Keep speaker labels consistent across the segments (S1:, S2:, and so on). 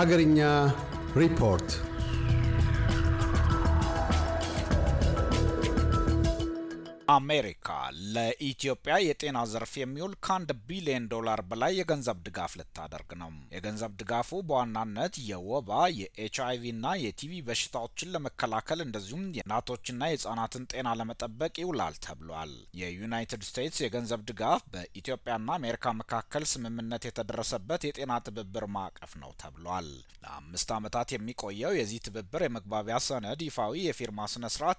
S1: Hagernya Report. Amerik ለኢትዮጵያ የጤና ዘርፍ የሚውል ከአንድ ቢሊዮን ዶላር በላይ የገንዘብ ድጋፍ ልታደርግ ነው። የገንዘብ ድጋፉ በዋናነት የወባ የኤች አይቪ እና የቲቪ በሽታዎችን ለመከላከል እንደዚሁም የእናቶችና የህጻናትን ጤና ለመጠበቅ ይውላል ተብሏል። የዩናይትድ ስቴትስ የገንዘብ ድጋፍ በኢትዮጵያና አሜሪካ መካከል ስምምነት የተደረሰበት የጤና ትብብር ማዕቀፍ ነው ተብሏል። ለአምስት ዓመታት የሚቆየው የዚህ ትብብር የመግባቢያ ሰነድ ይፋዊ የፊርማ ስነስርዓት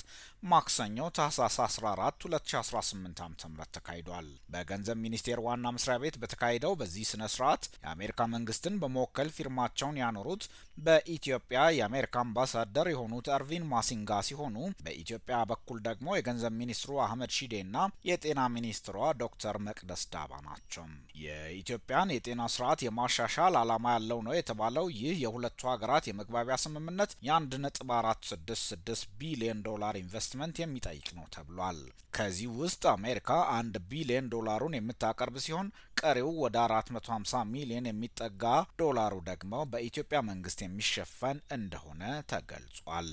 S1: ማክሰኞ ታህሳስ 14 2017 2018 ዓ.ም ተካሂዷል። በገንዘብ ሚኒስቴር ዋና መስሪያ ቤት በተካሄደው በዚህ ስነ ስርዓት የአሜሪካ መንግስትን በመወከል ፊርማቸውን ያኖሩት በኢትዮጵያ የአሜሪካ አምባሳደር የሆኑት እርቪን ማሲንጋ ሲሆኑ በኢትዮጵያ በኩል ደግሞ የገንዘብ ሚኒስትሩ አህመድ ሺዴና የጤና ሚኒስትሯ ዶክተር መቅደስ ዳባ ናቸው። የኢትዮጵያን የጤና ስርዓት የማሻሻል ዓላማ ያለው ነው የተባለው ይህ የሁለቱ ሀገራት የመግባቢያ ስምምነት የአንድ ነጥብ አራት ስድስት ስድስት ቢሊዮን ዶላር ኢንቨስትመንት የሚጠይቅ ነው ተብሏል። ከዚህ ውስጥ አሜሪካ አንድ ቢሊዮን ዶላሩን የምታቀርብ ሲሆን ቀሪው ወደ 450 ሚሊዮን የሚጠጋ ዶላሩ ደግሞ በኢትዮጵያ መንግስት የሚሸፈን እንደሆነ ተገልጿል።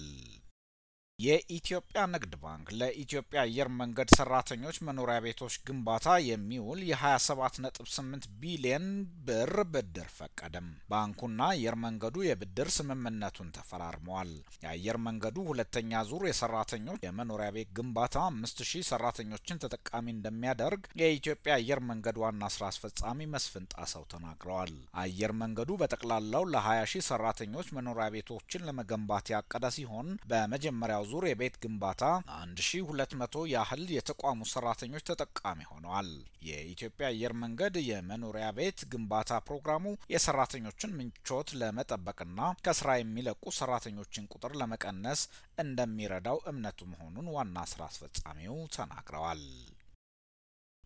S1: የኢትዮጵያ ንግድ ባንክ ለኢትዮጵያ አየር መንገድ ሰራተኞች መኖሪያ ቤቶች ግንባታ የሚውል የ27.8 ቢሊዮን ብር ብድር ፈቀደም። ባንኩና አየር መንገዱ የብድር ስምምነቱን ተፈራርመዋል። የአየር መንገዱ ሁለተኛ ዙር የሰራተኞች የመኖሪያ ቤት ግንባታ 5000 ሰራተኞችን ተጠቃሚ እንደሚያደርግ የኢትዮጵያ አየር መንገድ ዋና ስራ አስፈጻሚ መስፍን ጣሰው ተናግረዋል። አየር መንገዱ በጠቅላላው ለ20 ሺህ ሰራተኞች መኖሪያ ቤቶችን ለመገንባት ያቀደ ሲሆን በመጀመሪያው ዙር የቤት ግንባታ 1200 ያህል የተቋሙ ሰራተኞች ተጠቃሚ ሆነዋል። የኢትዮጵያ አየር መንገድ የመኖሪያ ቤት ግንባታ ፕሮግራሙ የሰራተኞችን ምቾት ለመጠበቅና ከስራ የሚለቁ ሰራተኞችን ቁጥር ለመቀነስ እንደሚረዳው እምነቱ መሆኑን ዋና ስራ አስፈጻሚው ተናግረዋል።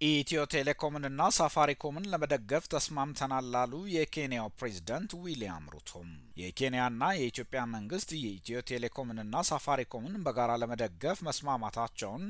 S1: ኢትዮ ቴሌኮምንና ሳፋሪኮምን ለመደገፍ ተስማምተናል ላሉ የኬንያው ፕሬዝዳንት ዊሊያም ሩቶም የኬንያና የኢትዮጵያ መንግስት የኢትዮ ቴሌኮምንና ሳፋሪኮምን በጋራ ለመደገፍ መስማማታቸውን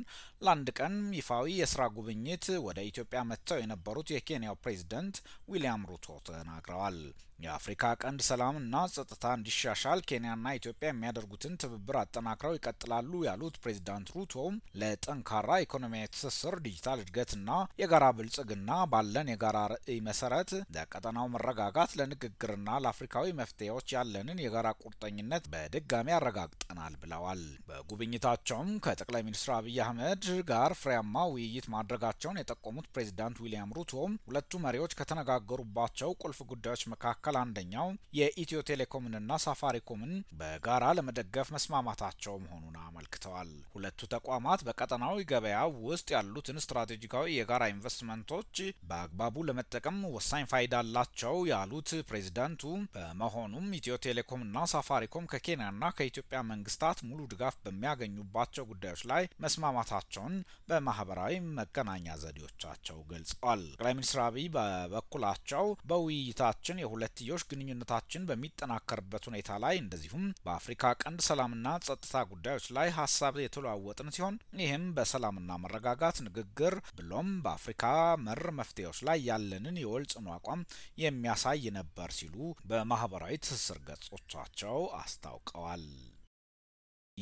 S1: ለአንድ ቀን ይፋዊ የስራ ጉብኝት ወደ ኢትዮጵያ መጥተው የነበሩት የኬንያው ፕሬዝዳንት ዊሊያም ሩቶ ተናግረዋል። የአፍሪካ ቀንድ ሰላም እና ጸጥታ እንዲሻሻል ኬንያና ኢትዮጵያ የሚያደርጉትን ትብብር አጠናክረው ይቀጥላሉ ያሉት ፕሬዚዳንት ሩቶም ለጠንካራ ኢኮኖሚያዊ ትስስር፣ ዲጂታል እድገትና የጋራ ብልጽግና ባለን የጋራ ርዕይ መሰረት ለቀጠናው መረጋጋት ለንግግርና ለአፍሪካዊ መፍትሄዎች ያለንን የጋራ ቁርጠኝነት በድጋሚ አረጋግጠናል ብለዋል። በጉብኝታቸውም ከጠቅላይ ሚኒስትር አብይ አህመድ ጋር ፍሬያማ ውይይት ማድረጋቸውን የጠቆሙት ፕሬዚዳንት ዊሊያም ሩቶም ሁለቱ መሪዎች ከተነጋገሩባቸው ቁልፍ ጉዳዮች መካከል መካከል አንደኛው የኢትዮ ቴሌኮምንና ሳፋሪኮምን በጋራ ለመደገፍ መስማማታቸው መሆኑን አመልክተዋል። ሁለቱ ተቋማት በቀጠናዊ ገበያ ውስጥ ያሉትን ስትራቴጂካዊ የጋራ ኢንቨስትመንቶች በአግባቡ ለመጠቀም ወሳኝ ፋይዳ አላቸው ያሉት ፕሬዚዳንቱ፣ በመሆኑም ኢትዮ ቴሌኮምና ሳፋሪኮም ከኬንያና ከኢትዮጵያ መንግስታት ሙሉ ድጋፍ በሚያገኙባቸው ጉዳዮች ላይ መስማማታቸውን በማህበራዊ መገናኛ ዘዴዎቻቸው ገልጸዋል። ጠቅላይ ሚኒስትር አብይ በበኩላቸው በውይይታችን የሁለት የሁለትዮሽ ግንኙነታችን በሚጠናከርበት ሁኔታ ላይ እንደዚሁም በአፍሪካ ቀንድ ሰላምና ጸጥታ ጉዳዮች ላይ ሀሳብ የተለዋወጥን ሲሆን ይህም በሰላምና መረጋጋት ንግግር ብሎም በአፍሪካ መር መፍትሄዎች ላይ ያለንን የወል ጽኑ አቋም የሚያሳይ ነበር ሲሉ በማህበራዊ ትስስር ገጾቻቸው አስታውቀዋል።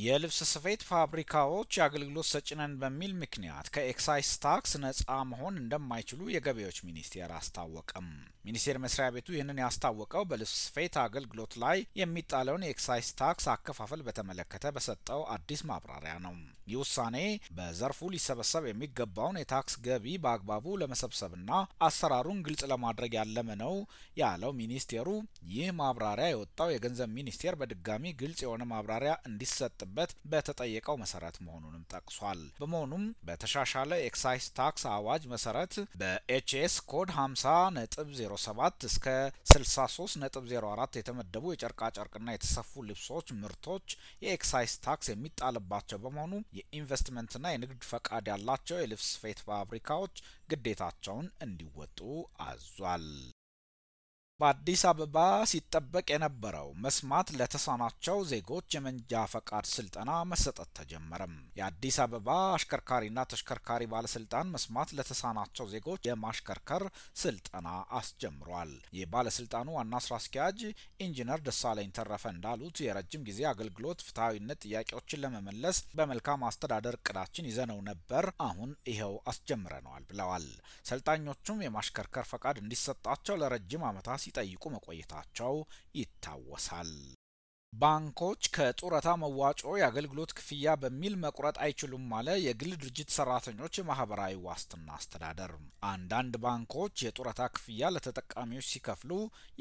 S1: የልብስ ስፌት ፋብሪካዎች አገልግሎት ሰጭነን በሚል ምክንያት ከኤክሳይዝ ታክስ ነፃ መሆን እንደማይችሉ የገቢዎች ሚኒስቴር አስታወቀም። ሚኒስቴር መስሪያ ቤቱ ይህንን ያስታወቀው በልብስ ስፌት አገልግሎት ላይ የሚጣለውን የኤክሳይዝ ታክስ አከፋፈል በተመለከተ በሰጠው አዲስ ማብራሪያ ነው። ይህ ውሳኔ በዘርፉ ሊሰበሰብ የሚገባውን የታክስ ገቢ በአግባቡ ለመሰብሰብና አሰራሩን ግልጽ ለማድረግ ያለመ ነው ያለው ሚኒስቴሩ፣ ይህ ማብራሪያ የወጣው የገንዘብ ሚኒስቴር በድጋሚ ግልጽ የሆነ ማብራሪያ እንዲሰጥ የሚሰጥበት በተጠየቀው መሰረት መሆኑንም ጠቅሷል። በመሆኑም በተሻሻለ ኤክሳይዝ ታክስ አዋጅ መሰረት በኤችኤስ ኮድ 50 ነጥብ 07 እስከ 63 ነጥብ 04 የተመደቡ የጨርቃጨርቅና የተሰፉ ልብሶች ምርቶች የኤክሳይዝ ታክስ የሚጣልባቸው በመሆኑ የኢንቨስትመንትና የንግድ ፈቃድ ያላቸው የልብስ ስፌት ፋብሪካዎች ግዴታቸውን እንዲወጡ አዟል። በአዲስ አበባ ሲጠበቅ የነበረው መስማት ለተሳናቸው ዜጎች የመንጃ ፈቃድ ስልጠና መሰጠት ተጀመረም። የአዲስ አበባ አሽከርካሪና ተሽከርካሪ ባለስልጣን መስማት ለተሳናቸው ዜጎች የማሽከርከር ስልጠና አስጀምሯል። የባለስልጣኑ ዋና ስራ አስኪያጅ ኢንጂነር ደሳለኝ ተረፈ እንዳሉት የረጅም ጊዜ አገልግሎት ፍትሐዊነት ጥያቄዎችን ለመመለስ በመልካም አስተዳደር እቅዳችን ይዘነው ነበር፣ አሁን ይኸው አስጀምረነዋል ብለዋል። ሰልጣኞቹም የማሽከርከር ፈቃድ እንዲሰጣቸው ለረጅም ዓመታት ሲጠይቁ መቆየታቸው ይታወሳል ባንኮች ከጡረታ መዋጮ የአገልግሎት ክፍያ በሚል መቁረጥ አይችሉም አለ የግል ድርጅት ሰራተኞች የማህበራዊ ዋስትና አስተዳደር። አንዳንድ ባንኮች የጡረታ ክፍያ ለተጠቃሚዎች ሲከፍሉ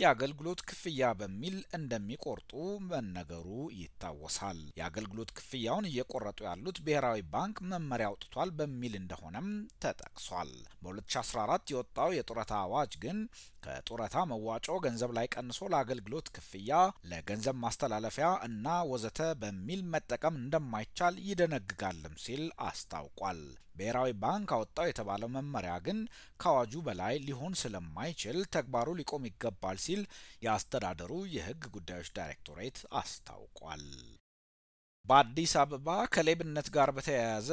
S1: የአገልግሎት ክፍያ በሚል እንደሚቆርጡ መነገሩ ይታወሳል። የአገልግሎት ክፍያውን እየቆረጡ ያሉት ብሔራዊ ባንክ መመሪያ አውጥቷል በሚል እንደሆነም ተጠቅሷል። በ2014 የወጣው የጡረታ አዋጅ ግን ከጡረታ መዋጮ ገንዘብ ላይ ቀንሶ ለአገልግሎት ክፍያ ለገንዘብ ማስተላለፍ መተላለፊያ እና ወዘተ በሚል መጠቀም እንደማይቻል ይደነግጋልም ሲል አስታውቋል። ብሔራዊ ባንክ አወጣው የተባለው መመሪያ ግን ከአዋጁ በላይ ሊሆን ስለማይችል ተግባሩ ሊቆም ይገባል ሲል የአስተዳደሩ የሕግ ጉዳዮች ዳይሬክቶሬት አስታውቋል። በአዲስ አበባ ከሌብነት ጋር በተያያዘ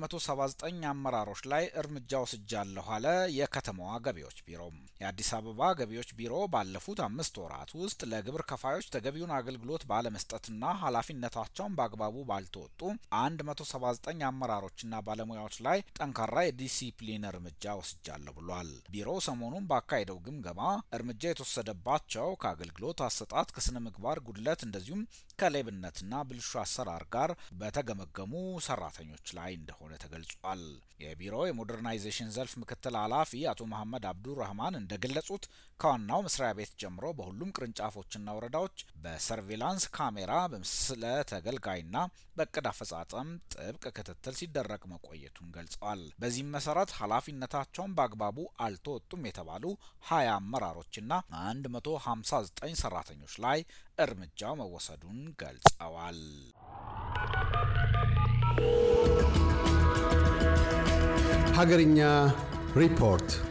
S1: 179 አመራሮች ላይ እርምጃ ወስጃለሁ አለ የከተማዋ ገቢዎች ቢሮ። የአዲስ አበባ ገቢዎች ቢሮ ባለፉት አምስት ወራት ውስጥ ለግብር ከፋዮች ተገቢውን አገልግሎት ባለመስጠትና ኃላፊነታቸውን በአግባቡ ባልተወጡ 179 አመራሮችና ባለሙያዎች ላይ ጠንካራ የዲሲፕሊን እርምጃ ወስጃለሁ ብሏል። ቢሮ ሰሞኑን ባካሄደው ግምገማ እርምጃ የተወሰደባቸው ከአገልግሎት አሰጣት ከስነ ምግባር ጉድለት እንደዚሁም ከሌብነትና ብልሹ አሰራ አሰራር ጋር በተገመገሙ ሰራተኞች ላይ እንደሆነ ተገልጿል። የቢሮው የሞደርናይዜሽን ዘርፍ ምክትል ኃላፊ አቶ መሐመድ አብዱራህማን እንደገለጹት ከዋናው መስሪያ ቤት ጀምሮ በሁሉም ቅርንጫፎችና ወረዳዎች በሰርቬላንስ ካሜራ በምስለ ተገልጋይና በእቅድ አፈጻጸም ጥብቅ ክትትል ሲደረግ መቆየቱን ገልጸዋል። በዚህም መሰረት ኃላፊነታቸውን በአግባቡ አልተወጡም የተባሉ ሀያ አመራሮችና ዘጠኝ ሰራተኞች ላይ እርምጃው መወሰዱን ገልጸዋል። Hagarinya Report